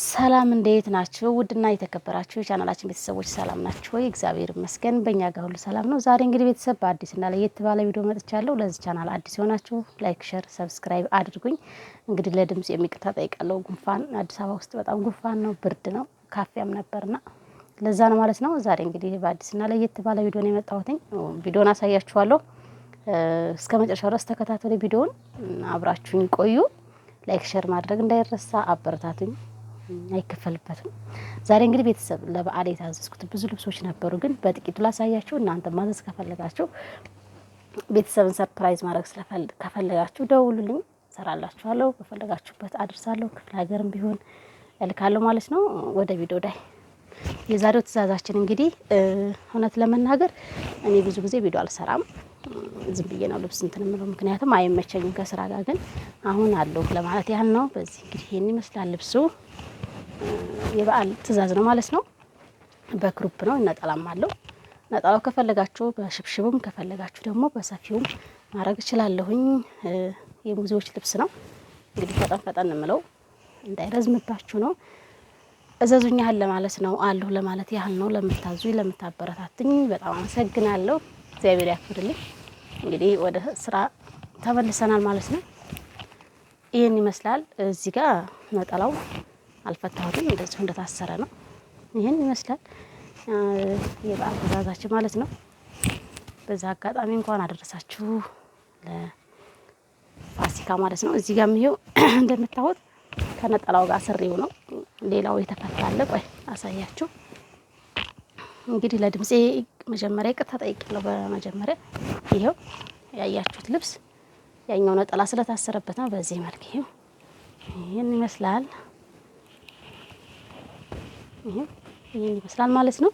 ሰላም እንዴት ናችሁ? ውድና የተከበራችሁ የቻናላችን ቤተሰቦች ሰላም ናችሁ ወይ? እግዚአብሔር ይመስገን በእኛ ጋር ሁሉ ሰላም ነው። ዛሬ እንግዲህ ቤተሰብ በአዲስና ለየት ባለ ቪዲዮ መጥቻለሁ። ለዚህ ቻናል አዲስ የሆናችሁ ላይክ፣ ሸር፣ ሰብስክራይብ አድርጉኝ። እንግዲህ ለድምጽ የሚቅርታ ጠይቃለሁ። ጉንፋን አዲስ አበባ ውስጥ በጣም ጉንፋን ነው፣ ብርድ ነው፣ ካፊያም ነበርና ለዛ ነው ማለት ነው። ዛሬ እንግዲህ በአዲስና ለየት ባለ ቪዲዮ ነው የመጣሁትኝ። ቪዲዮን አሳያችኋለሁ። እስከ መጨረሻው ድረስ ተከታተሉ። ቪዲዮን አብራችሁኝ ቆዩ። ላይክ ሸር ማድረግ እንዳይረሳ። አበረታቱኝ አይከፈልበትም። ዛሬ እንግዲህ ቤተሰብ ለበዓል የታዘዝኩት ብዙ ልብሶች ነበሩ፣ ግን በጥቂቱ ላሳያችሁ። እናንተ ማዘዝ ከፈለጋችሁ ቤተሰብን ሰርፕራይዝ ማድረግ ከፈለጋችሁ ደውሉልኝ፣ ሰራላችኋለሁ። በፈለጋችሁበት አድርሳለሁ። ክፍለ ሀገርም ቢሆን እልካለሁ ማለት ነው። ወደ ቪዲዮ ዳይ የዛሬው ትእዛዛችን እንግዲህ እውነት ለመናገር እኔ ብዙ ጊዜ ቪዲዮ አልሰራም፣ ዝም ብዬ ነው ልብስ እንትን የምለው ምክንያቱም አይመቸኝም ከስራ ጋር። ግን አሁን አለሁ ለማለት ያህል ነው። በዚህ እንግዲህ ይህን ይመስላል ልብሱ። የበዓል ትዕዛዝ ነው ማለት ነው። በክሩፕ ነው ነጠላም አለው። ነጠላው ከፈለጋችሁ በሽብሽቡም ከፈለጋችሁ ደግሞ በሰፊውም ማድረግ እችላለሁኝ። የሙዚዎች ልብስ ነው እንግዲህ ፈጠን ፈጠን የምለው እንዳይረዝምባችሁ ነው። እዘዙኝ ያህል ለማለት ነው አለሁ ለማለት ያህል ነው። ለምታዙኝ ለምታበረታትኝ በጣም አመሰግናለሁ። እግዚአብሔር ያክብርልኝ። እንግዲህ ወደ ስራ ተመልሰናል ማለት ነው። ይህን ይመስላል እዚህ ጋር ነጠላው አልፈታሁትም። እንደዚሁ እንደታሰረ ነው። ይህን ይመስላል የበዓል ትእዛዛችን ማለት ነው። በዛ አጋጣሚ እንኳን አደረሳችሁ ለፋሲካ ማለት ነው። እዚህ ጋር ይኸው እንደምታዩት ከነጠላው ጋር ስሪው ነው። ሌላው የተፈታለ ቆይ አሳያችሁ። እንግዲህ ለድምፄ መጀመሪያ ይቅርታ ጠይቄያለሁ። በመጀመሪያ ይኸው ያያችሁት ልብስ ያኛው ነጠላ ስለታሰረበት ነው። በዚህ መልክ ይሄው ይህን ይመስላል። ይሄን ይመስላል ማለት ነው።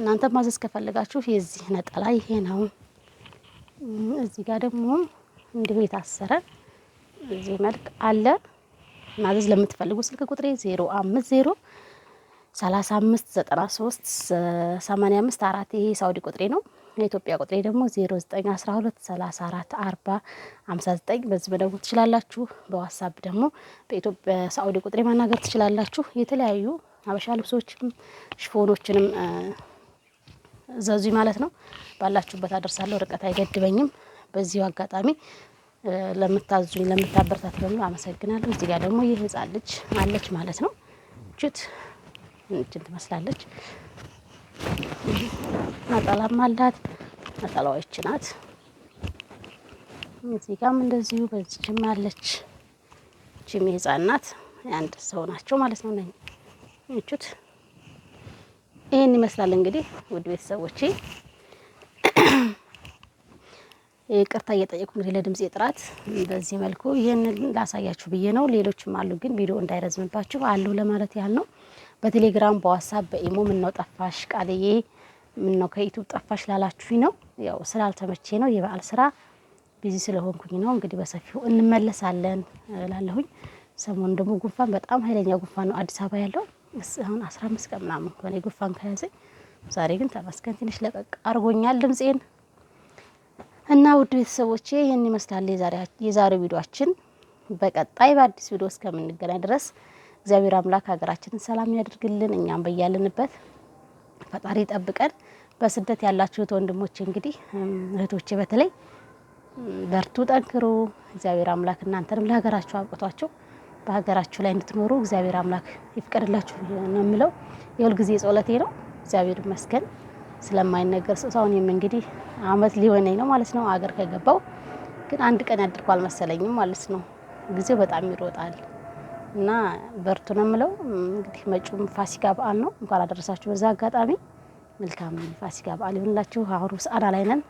እናንተ ማዘዝ ከፈለጋችሁ የዚህ ነጠላ ይሄ ነው። እዚህ ጋር ደግሞ እንዲሁ የታሰረ እዚህ መልክ አለ። ማዘዝ ለምትፈልጉ ስልክ ቁጥሬ 050 35 93 85 ይሄ ሳውዲ ቁጥሬ ነው። የኢትዮጵያ ቁጥሬ ደግሞ 0912 34 40 59 በዚህ መደወል ትችላላችሁ። በዋትሳፕ ደግሞ በኢትዮጵያ ሳውዲ ቁጥሬ ማናገር ትችላላችሁ። የተለያዩ ሀበሻ ልብሶችም ሽፎኖችንም ዘዙኝ ማለት ነው። ባላችሁበት አደርሳለሁ። ርቀት አይገድበኝም። በዚሁ አጋጣሚ ለምታዙኝ ለምታበረታት በሙሉ አመሰግናለሁ። እዚህ ጋር ደግሞ ይህ ህጻን ልጅ አለች ማለት ነው። ችት እንትን ትመስላለች። ነጠላም አላት። ነጠላዎች ናት። እዚህ ጋም እንደዚሁ በዚችም አለች። ችም የህጻን ናት። የአንድ ሰው ናቸው ማለት ነው ነኝ ምቹት ይህን ይመስላል። እንግዲህ ውድ ቤተሰቦች ቅርታ እየጠየቁ እንግዲህ ለድምፅ ጥራት በዚህ መልኩ ይህን ላሳያችሁ ብዬ ነው። ሌሎችም አሉ፣ ግን ቪዲዮ እንዳይረዝምባችሁ አሉ ለማለት ያህል ነው። በቴሌግራም በዋትሳፕ በኢሞ ምነው ጠፋሽ ቃልዬ፣ ምነው ከዩቱብ ጠፋሽ ላላችሁኝ ነው። ያው ስላልተመቼ ነው፣ የበዓል ስራ ቢዚ ስለሆንኩኝ ነው። እንግዲህ በሰፊው እንመለሳለን ላለሁኝ። ሰሞኑን ደግሞ ጉንፋን በጣም ኃይለኛ ጉንፋን ነው አዲስ አበባ ያለው አሁን አስራ አምስት ቀን ምናምን ከሆነ ጉንፋን ከያዘኝ። ዛሬ ግን ተመስገን ትንሽ ለቀቅ አርጎኛል ድምፄን እና ውድ ቤተሰቦቼ ይህን ይመስላል የዛሬ ቪዲዮችን። በቀጣይ በአዲስ ቪዲዮ እስከምንገናኝ ድረስ እግዚአብሔር አምላክ ሀገራችንን ሰላም ያድርግልን፣ እኛም በያልንበት ፈጣሪ ጠብቀን በስደት ያላችሁት ወንድሞቼ እንግዲህ እህቶቼ በተለይ በርቱ፣ ጠንክሩ። እግዚአብሔር አምላክ እናንተንም ለሀገራችሁ አብቅቷቸው። በሀገራችሁ ላይ እንድትኖሩ እግዚአብሔር አምላክ ይፍቀድላችሁ ነው የምለው። የሁልጊዜ ጸሎቴ ነው። እግዚአብሔር ይመስገን ስለማይነገር ስጦታው። እኔም እንግዲህ አመት ሊሆነኝ ነው ማለት ነው አገር ከገባው፣ ግን አንድ ቀን ያድርኩ አልመሰለኝም ማለት ነው። ጊዜው በጣም ይሮጣል እና በርቱ ነው የምለው። እንግዲህ መጪውም ፋሲካ በዓል ነው። እንኳን አደረሳችሁ። በዛ አጋጣሚ መልካም ፋሲካ በዓል ይሁንላችሁ። አሁኑ ሰአዳ ላይ ነን።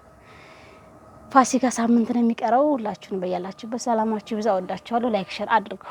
ፋሲካ ሳምንት ነው የሚቀረው። ሁላችሁን በያላችሁበት ሰላማችሁ ብዛ። ወዳችኋለሁ። ላይክ ሸር አድርገው